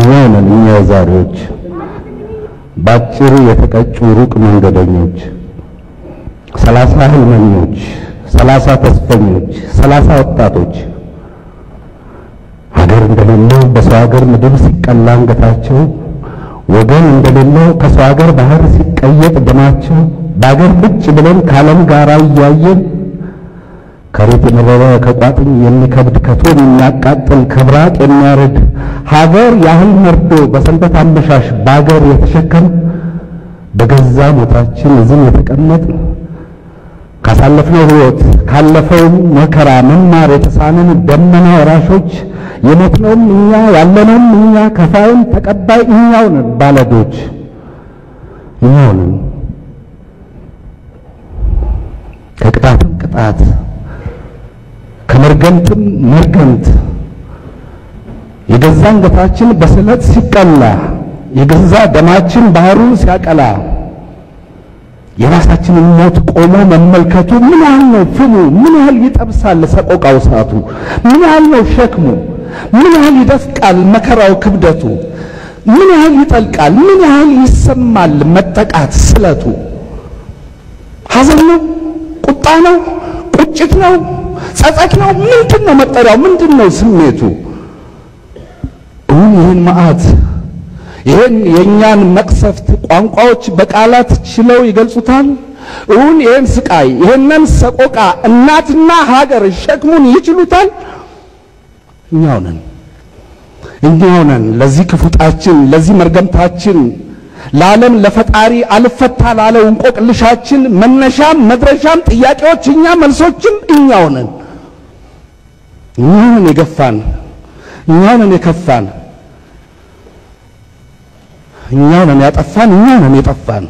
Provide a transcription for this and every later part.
እኛው ነን እኛ የዛሬዎች ባጭሩ የተቀጩ ሩቅ መንገደኞች፣ ሰላሳ ህልመኞች፣ ሰላሳ ተስፈኞች፣ ሰላሳ ወጣቶች ሀገር እንደሌለው በሰው ሀገር ምድር ሲቀላ አንገታቸው፣ ወገን እንደሌለው ከሰው ሀገር ባህር ሲቀየጥ ደማቸው፣ በሀገር ብጭ ብለን ከዓለም ጋር እያየን ከሬት የመለለ ከቋጥኝ የሚከብድ ከቶን የሚያቃጥል ከብራቅ የሚያርድ ሀገር ያህል መርዶ በሰንበት አመሻሽ በአገር የተሸከም በገዛ ሞታችን እዚህ የተቀመጥ ካሳለፍነው ህይወት ካለፈው መከራ መማር የተሳንን ደመና ወራሾች የሞትነውም እኛ ያለነውም እኛ ከፋይም ተቀባይ እኛው ነን። ባለዶች እኛው ነን። ከቅጣትም ቅጣት ከመርገምትም መርገምት የገዛ አንገታችን በስለት ሲቀላ የገዛ ደማችን ባህሩን ሲያቀላ የራሳችንን ሞት ቆሞ መመልከቱ ምን ያህል ነው ፍሙ? ምን ያህል ይጠብሳል ሰቆቃው ሰዓቱ? ምን ያህል ነው ሸክሙ? ምን ያህል ይደፍቃል መከራው ክብደቱ? ምን ያህል ይጠልቃል? ምን ያህል ይሰማል መጠቃት ስለቱ? ሐዘን ነው? ቁጣ ነው? ቁጭት ነው? ጸጸት ነው? ምንድን ነው መጠሪያው? ምንድን ነው ስሜቱ? እውን ይህን መዓት ይህን የእኛን መቅሰፍት ቋንቋዎች በቃላት ችለው ይገልጹታል? እውን ይህን ስቃይ ይህንን ሰቆቃ እናትና ሀገር ሸክሙን ይችሉታል? እኛው ነን እኛው ነን ለዚህ ክፉጣችን ለዚህ መርገምታችን ለዓለም ለፈጣሪ አልፈታ ላለው እንቆቅልሻችን መነሻም መድረሻም ጥያቄዎች እኛ መልሶችም እኛው ነን። እኛንን የገፋን፣ እኛንን የከፋን፣ እኛንን ያጠፋን፣ እኛንን የጠፋን።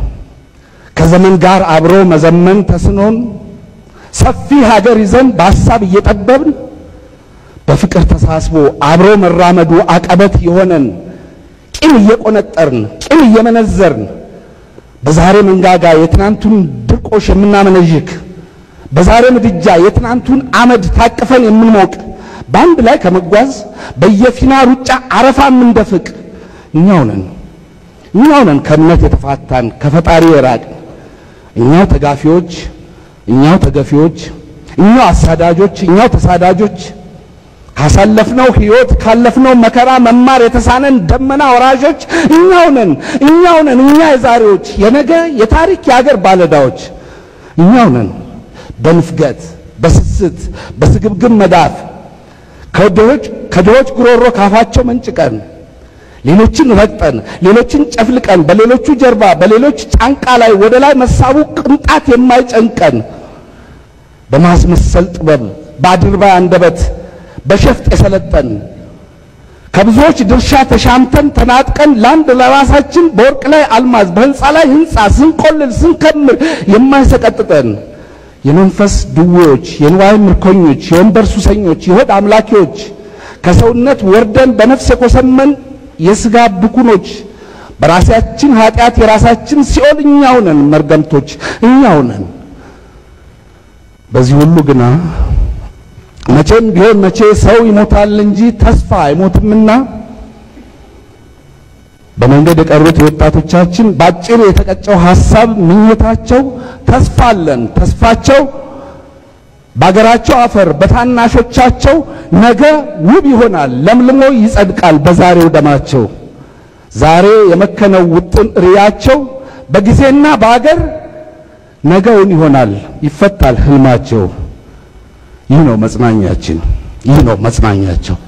ከዘመን ጋር አብሮ መዘመን ተስኖን ሰፊ ሀገር ይዘን በሀሳብ እየጠበብን በፍቅር ተሳስቦ አብሮ መራመዱ አቀበት የሆነን ቂም እየቆነጠርን ቂም እየመነዘርን በዛሬ መንጋጋ የትናንቱን ድርቆሽ የምናመነዥክ በዛሬ ምድጃ የትናንቱን አመድ ታቅፈን የምንሞቅ በአንድ ላይ ከመጓዝ በየፊና ሩጫ አረፋ የምንደፍቅ እኛው ነን። እኛው ነን ከእምነት የተፋታን ከፈጣሪ የራቅን እኛው ተጋፊዎች፣ እኛው ተገፊዎች፣ እኛው አሳዳጆች፣ እኛው ተሳዳጆች ካሳለፍነው ህይወት ካለፍነው መከራ መማር የተሳነን ደመና ወራሾች እኛው ነን፣ እኛው ነን። እኛ የዛሬዎች የነገ የታሪክ የአገር ባለዳዎች እኛው ነን። በንፍገት በስስት በስግብግብ መዳፍ ከድሆች ከድሆች ጉሮሮ ካፋቸው መንጭቀን ሌሎችን ረግጠን ሌሎችን ጨፍልቀን በሌሎቹ ጀርባ በሌሎች ጫንቃ ላይ ወደ ላይ መሳቡ ቅንጣት የማይጨንቀን በማስመሰል ጥበብ በአድርባይ አንደበት በሸፍጥ የሰለጠን ከብዙዎች ድርሻ ተሻምተን ተናጥቀን ለአንድ ለራሳችን በወርቅ ላይ አልማዝ በህንፃ ላይ ህንፃ ስንቆልል ስንከምር የማይሰቀጥጠን የመንፈስ ድዌዎች፣ የንዋይ ምርኮኞች፣ የወንበር ሱሰኞች፣ የሆድ አምላኪዎች ከሰውነት ወርደን በነፍስ የኮሰመን የስጋ ብኩኖች በራሳችን ኃጢአት የራሳችን ሲኦል እኛው ነን፣ መርገምቶች እኛው በዚህ ሁሉ ግና መቼም ቢሆን መቼ ሰው ይሞታል እንጂ ተስፋ አይሞትምና በመንገድ የቀሩት ወጣቶቻችን ባጭሩ የተቀጨው ሀሳብ ምኞታቸው ተስፋ አለን ተስፋቸው በአገራቸው አፈር በታናሾቻቸው ነገ ውብ ይሆናል፣ ለምልሞ ይጸድቃል በዛሬው ደማቸው። ዛሬ የመከነው ውጥን ሪያቸው በጊዜና በአገር ነገውን ይሆናል ይፈታል ህልማቸው። ይህ ነው መጽናኛችን። ይህ ነው መጽናኛቸው።